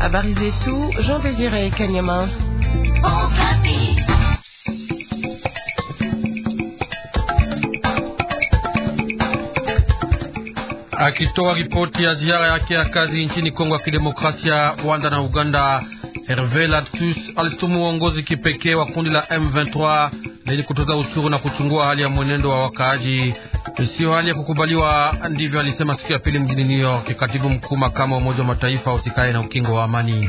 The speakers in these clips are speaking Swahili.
Habari zetu Jean Désiré Kanyama. Akitoa ripoti ya ziara yake ya kazi nchini Kongo ya Kidemokrasia, Rwanda na Uganda, Hervé Latsus alistumu uongozi kipekee wa kundi la M23 na ili kutoza ushuru na kuchungua hali ya mwenendo wa wakaaji, sio hali ya kukubaliwa. Ndivyo alisema siku ya pili mjini New York katibu mkuu makamu wa Umoja wa Mataifa usikae na ukingo wa amani.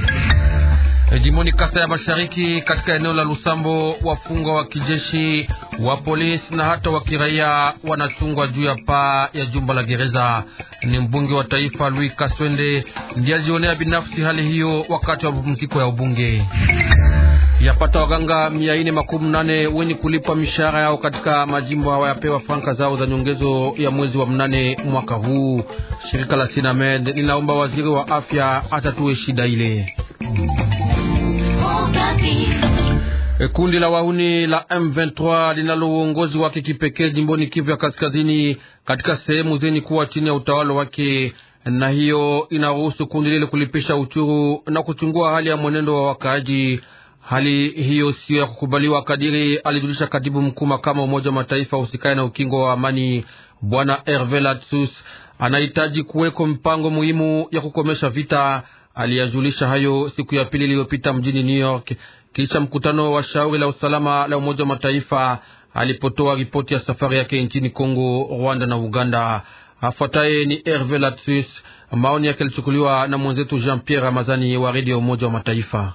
E, jimboni Kasa ya Mashariki, katika eneo la Lusambo, wafungwa wa kijeshi wa polisi na hata wa kiraia wanachungwa juu ya paa ya jumba la gereza. Ni mbunge wa taifa Louis Kaswende ndiye ajionea binafsi hali hiyo wakati wa mapumziko ya ubunge yapata waganga mia nne makumi nane wenye kulipa mishahara yao katika majimbo hawayapewa franka zao za nyongezo ya mwezi wa mnane mwaka huu. Shirika la Sinamed linaomba waziri wa afya atatue shida ile. E, kundi la wahuni la M23 linalo uongozi wake kipekee jimboni Kivu ya Kaskazini, katika sehemu zenye kuwa chini ya utawala wake, na hiyo inaruhusu kundi lile kulipisha uchuru na kuchungua hali ya mwenendo wa wakaaji. Hali hiyo siyo ya kukubaliwa, kadiri alijulisha katibu mkuu makama Umoja wa Mataifa usikae na ukingo wa amani Bwana Herve Latsus. Anahitaji kuweko mpango muhimu ya kukomesha vita. Aliyajulisha hayo siku ya pili iliyopita mjini New York kisha mkutano wa shauri la usalama la Umoja wa Mataifa alipotoa ripoti ya safari yake nchini Kongo, Rwanda na Uganda. Afuataye ni Herve Latsus. Maoni yake yalichukuliwa na mwenzetu Jean Pierre Ramazani wa redio Umoja wa Mataifa.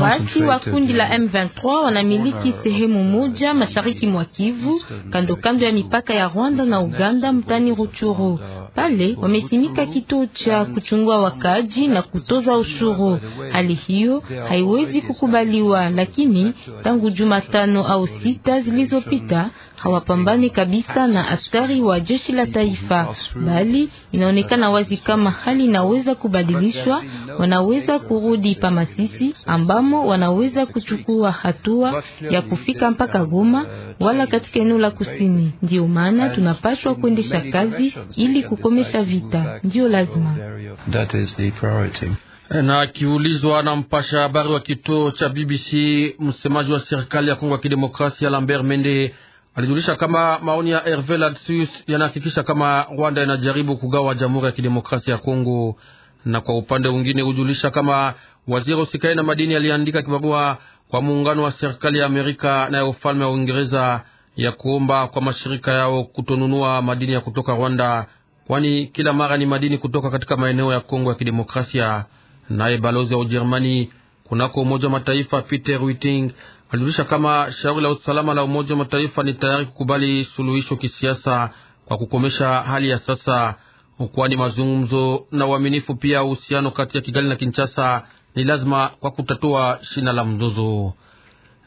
Waasi wa kundi la M23 wanamiliki sehemu moja mashariki mwa Kivu, kando kando ya mipaka ya Rwanda na Uganda, mtani Ruchuru. Pale wamesimika kituo cha kuchungua wakaaji na kutoza ushuru. Hali hiyo haiwezi kukubaliwa, lakini tangu Jumatano au sita zilizopita hawapambani kabisa na askari wa jeshi la taifa, bali Inaonekana wazi kama hali inaweza kubadilishwa, wanaweza kurudi pa Masisi ambamo wanaweza kuchukua hatua ya kufika mpaka Goma wala katika eneo la kusini. Ndio maana tunapaswa kuendesha kazi ili kukomesha vita, ndio lazima na akiulizwa na mpasha habari wa kituo cha BBC, msemaji wa serikali ya Kongo ya Kidemokrasia Lambert Mende alijulisha kama maoni ya Herve Ladsus yanahakikisha kama Rwanda inajaribu kugawa Jamhuri ya Kidemokrasia ya Kongo, na kwa upande mwingine hujulisha kama waziri usikai na madini aliandika kibarua kwa muungano wa serikali ya Amerika na ya ufalme wa Uingereza ya kuomba kwa mashirika yao kutonunua madini ya kutoka Rwanda, kwani kila mara ni madini kutoka katika maeneo ya Kongo ya Kidemokrasia. Naye balozi wa Ujerumani kunako Umoja wa Mataifa Peter Witting alijulisha kama shauri la usalama la Umoja wa Mataifa ni tayari kukubali suluhisho kisiasa kwa kukomesha hali ya sasa, kwani mazungumzo na uaminifu pia uhusiano kati ya Kigali na Kinshasa ni lazima kwa kutatua shina la mzozo.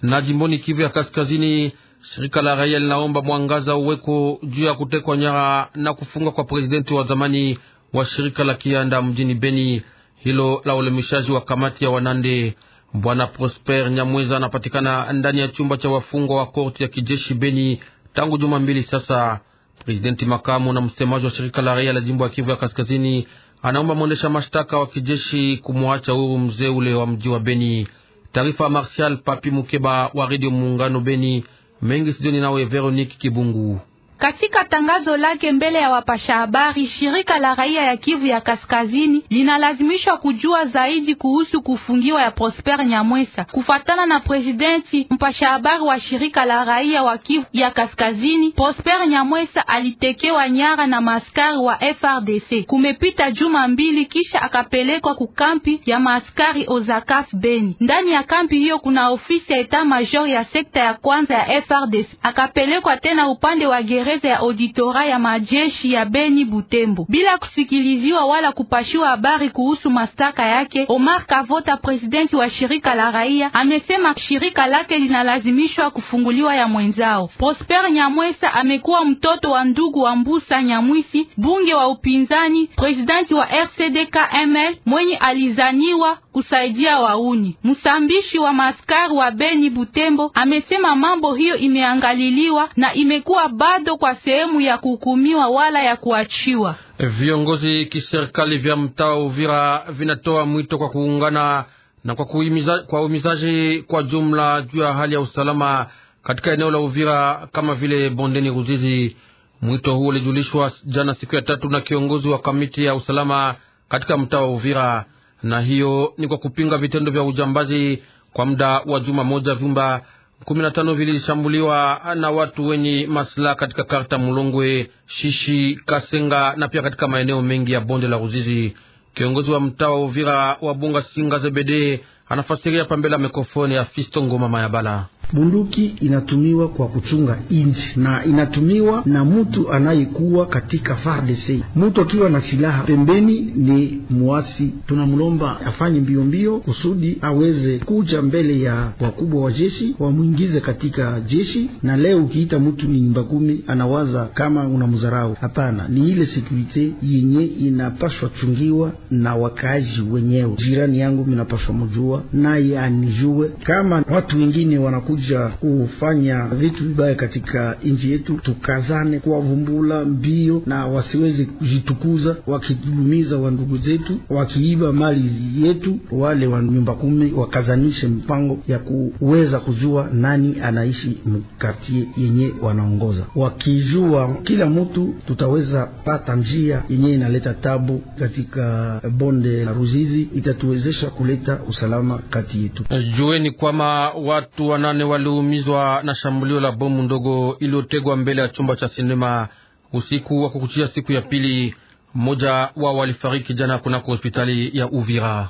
Na jimboni Kivu ya Kaskazini, shirika la raia linaomba mwangaza uweko juu ya kutekwa nyara na kufunga kwa presidenti wa zamani wa shirika la Kianda mjini Beni, hilo la ulemishaji wa kamati ya Wanande. Bwana Prosper Nyamweza anapatikana ndani ya chumba cha wafungwa wa korti ya kijeshi Beni tangu juma mbili sasa. Presidenti makamu na msemaji wa shirika la raia la jimbo ya Kivu ya Kaskazini anaomba mwendesha mashtaka wa kijeshi kumwacha huru mzee ule wa mji wa Beni. Taarifa Martial Papi Mukeba wa Radio Muungano Beni mengi sidoni nawe Veronique Kibungu. Katika tangazo lake mbele ya wapasha habari, shirika la raia ya Kivu ya Kaskazini linalazimishwa kujua zaidi kuhusu kufungiwa ya Prosper Nyamwesa. Kufatana na presidenti mpasha habari wa shirika la raia wa Kivu ya Kaskazini, Prosper Nyamwesa alitekewa nyara na maaskari wa FRDC. Kumepita juma mbili kisha akapelekwa kukampi ya maaskari Ozakaf Beni. Ndani ya kampi hiyo kuna ofisi ya eta major ya sekta ya kwanza ya FRDC. Akapelekwa tena upande wa Gere magereza ya auditora ya majeshi ya Beni Butembo bila kusikiliziwa wala kupashiwa habari kuhusu mastaka yake. Omar Kavota, presidenti wa shirika la raia, amesema shirika lake linalazimishwa kufunguliwa ya mwenzao. Prosper Nyamwesa amekuwa mtoto wa ndugu wa Mbusa Nyamwisi, bunge wa upinzani, presidenti wa rcdkml mwenye alizaniwa kusaidia wauni. Msambishi wa maskari wa Beni Butembo amesema mambo hiyo imeangaliliwa na imekuwa bado kwa sehemu ya kuhukumiwa wala ya kuachiwa. Viongozi kiserikali vya mtaa Uvira vinatoa mwito kwa kuungana na kwa kuhimizaji kwa, umizaji kwa jumla juu ya hali ya usalama katika eneo la Uvira kama vile bondeni Ruzizi. Mwito huo ulijulishwa jana siku ya tatu na kiongozi wa kamiti ya usalama katika mtaa wa Uvira, na hiyo ni kwa kupinga vitendo vya ujambazi kwa muda wa juma moja vyumba kumi na tano vilishambuliwa na watu wenye maslaha katika karta Mulongwe, Shishi, Kasenga na pia katika maeneo mengi ya bonde la Ruzizi. Kiongozi wa mtaa wa Uvira wa Bunga Singa Zebede anafasiria pambele ya mikrofoni ya Fisto Ngoma Mayabala. Bunduki inatumiwa kwa kuchunga inchi na inatumiwa na mtu anayekuwa katika FARDC. Mtu akiwa na silaha pembeni ni muasi, tunamlomba afanye mbio mbio kusudi aweze kuja mbele ya wakubwa wa jeshi wamwingize katika jeshi. Na leo ukiita mtu ni nyumba kumi, anawaza kama unamdharau. Hapana, ni ile sekurite yenye inapashwa chungiwa na wakazi wenyewe. Jirani yangu minapashwa mjua, naye anijue kama watu wengine wanakuja kuja kufanya vitu vibaya katika nchi yetu, tukazane kuwavumbula mbio na wasiweze kujitukuza wakidhulumiza wandugu zetu, wakiiba mali yetu. Wale wa nyumba kumi wakazanishe mpango ya kuweza kujua nani anaishi mkartie yenye wanaongoza. Wakijua kila mtu, tutaweza pata njia yenye inaleta tabu katika bonde la Ruzizi, itatuwezesha kuleta usalama kati yetu. Jueni kwamba watu wanane waliumizwa na shambulio la bomu ndogo iliyotegwa mbele ya chumba cha sinema usiku wa kukuchia siku ya pili. Mmoja wao walifariki jana kunako hospitali ya Uvira.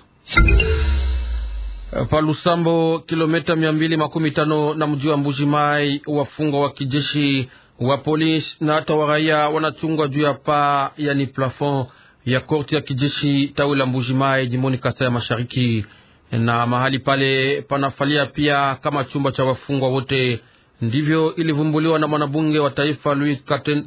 Palusambo, kilomita mia mbili makumi tano na mji wa Mbuji Mai, wafungwa wa kijeshi wa polisi na hata wa raia wanachungwa juu ya paa, yani plafon ya korti ya kijeshi tawi la Mbuji Mai, jimboni Kasai ya Mashariki na mahali pale panafalia pia kama chumba cha wafungwa wote. Ndivyo ilivumbuliwa na mwanabunge wa taifa Louis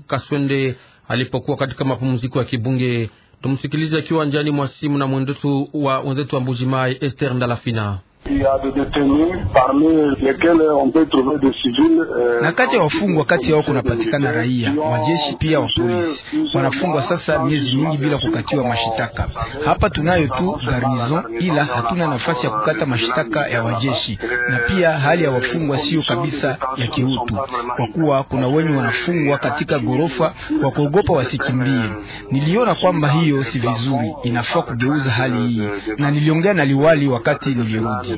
Kaswende alipokuwa katika mapumziko ya kibunge. Tumsikilize akiwa njiani mwa simu na mwenzetu wa mwenzetu wa Mbujimai Esther Ndalafina. Il y a des détenus parmi lesquels on peut trouver des civils. Euh, na kati ya wafungwa, kati yao kunapatikana raia, majeshi pia wa polisi. Wanafungwa sasa miezi mingi bila kukatiwa mashitaka. Hapa tunayo tu garnizon, ila hatuna nafasi ya kukata mashitaka ya wajeshi, na pia hali ya wafungwa sio kabisa ya kiutu, kwa kuwa kuna wenye wanafungwa katika gorofa kwa kuogopa wasikimbie. Niliona kwamba hiyo si vizuri, inafaa kugeuza hali hii, na niliongea na liwali wakati nilirudi.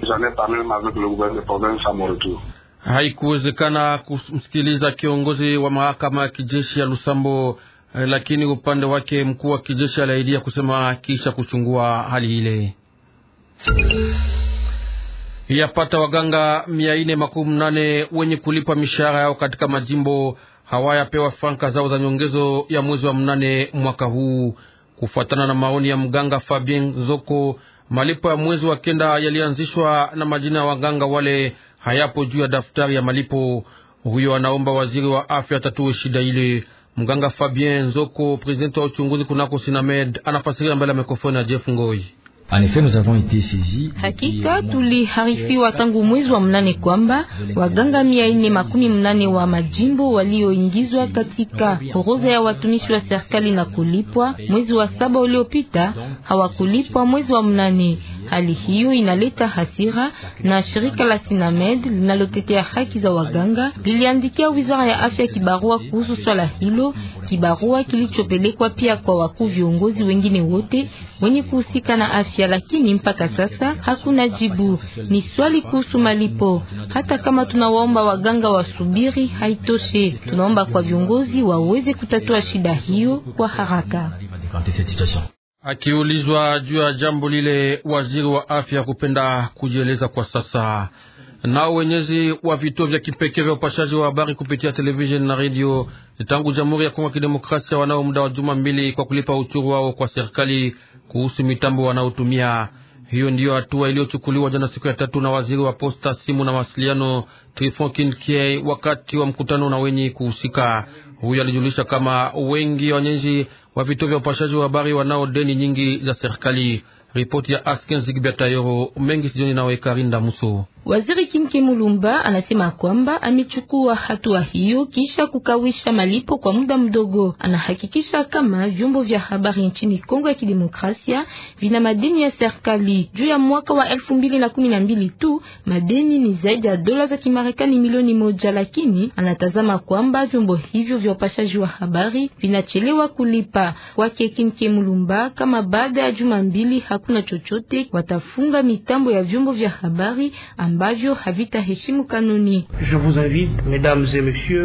Haikuwezekana kumsikiliza kiongozi wa mahakama ya kijeshi ya Lusambo, eh, lakini upande wake mkuu wa kijeshi aliahidia kusema kisha kuchungua hali ile. Yapata waganga mia nne makumi nane wenye kulipa mishahara yao katika majimbo hawayapewa franka zao za nyongezo ya mwezi wa mnane mwaka huu, kufuatana na maoni ya mganga Fabien Zoko malipo ya mwezi wa kenda yalianzishwa na majina ya waganga wale hayapo juu ya daftari ya malipo. Huyo anaomba waziri wa afya atatue shida ile. Mganga Fabien Nzoko, presidenti wa uchunguzi kunako Sinamed, anafasiria mbele ya mikrofoni ya Jeff Ngoi. Hakika tuliharifiwa tangu mwezi wa mnane kwamba waganga mia ine makumi mnane wa majimbo walioingizwa katika horoza ya watumishi wa serikali na kulipwa mwezi wa saba uliopita hawakulipwa mwezi wa mnane. Hali hiyo inaleta hasira, na shirika la Sinamed linalotetea haki za waganga liliandikia wizara ya afya kibarua kuhusu swala hilo kibarua kilichopelekwa pia kwa wakuu viongozi wengine wote wenye kuhusika na afya, lakini mpaka sasa hakuna jibu. Ni swali kuhusu malipo. Hata kama tunawaomba waganga wasubiri, haitoshe. Tunaomba kwa viongozi waweze kutatua shida hiyo kwa haraka. Akiulizwa juu ya jambo lile, waziri wa afya kupenda kujieleza kwa sasa nao wenyezi wa vituo vya kipekee vya upashaji wa habari kupitia televisheni na redio tangu Jamhuri ya Kongo ya Kidemokrasia wanao muda wa juma mbili kwa kulipa uchuru wao kwa serikali kuhusu mitambo wanaotumia. Hiyo ndiyo hatua iliyochukuliwa jana siku ya tatu na waziri wa posta, simu na mawasiliano Trifon Kinkie wakati wa mkutano na wenye kuhusika. Huyo alijulisha kama wengi wanyenzi wa vituo vya upashaji wa habari wanao deni nyingi za serikali. Ripoti ya Asken Zigbiatayoro mengi sijoni nawe Karinda Musu. Waziri Kimke Mulumba anasema kwamba amechukua hatua hiyo kisha kukawisha malipo kwa muda mdogo. Anahakikisha kama vyombo vya habari nchini Kongo ya Kidemokrasia vina madeni ya serikali. Juu ya mwaka wa 2012 tu madeni ni zaidi ya dola za Kimarekani milioni moja, lakini anatazama kwamba vyombo hivyo vya upashaji wa habari vinachelewa kulipa. Kwake Kimke Mulumba, kama baada ya juma mbili hakuna chochote, watafunga mitambo ya vyombo vya habari ambavyo havitaheshimu kanuni.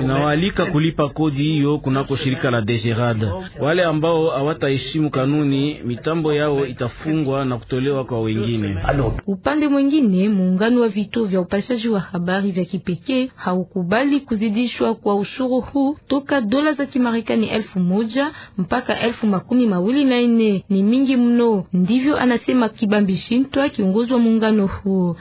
Nawaalika kulipa kodi hiyo kunako shirika la Degerade. Wale ambao hawataheshimu kanuni, mitambo yao itafungwa na kutolewa kwa wengine. Upande mwingine, muungano wa vituo vya upashaji wa habari vya kipekee haukubali kuzidishwa kwa ushuru huu toka dola za Kimarekani elfu moja mpaka elfu makumi mawili na nne. Ni mingi mno, ndivyo anasema Kibambi Shintwa, kiongozi wa muungano huo.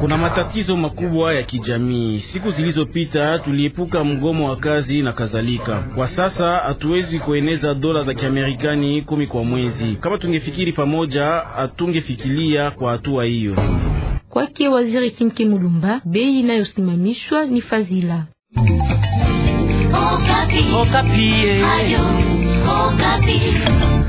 Kuna matatizo makubwa ya kijamii. Siku zilizopita tuliepuka mgomo wa kazi na kadhalika. Kwa sasa hatuwezi kueneza dola za Kiamerikani kumi kwa mwezi. Kama tungefikiri pamoja, hatungefikilia kwa hatua hiyo. Kwake waziri Kimke Mulumba, bei inayosimamishwa ni fadhila. Okapi. Okapi. Eh. Ayo. Okapi.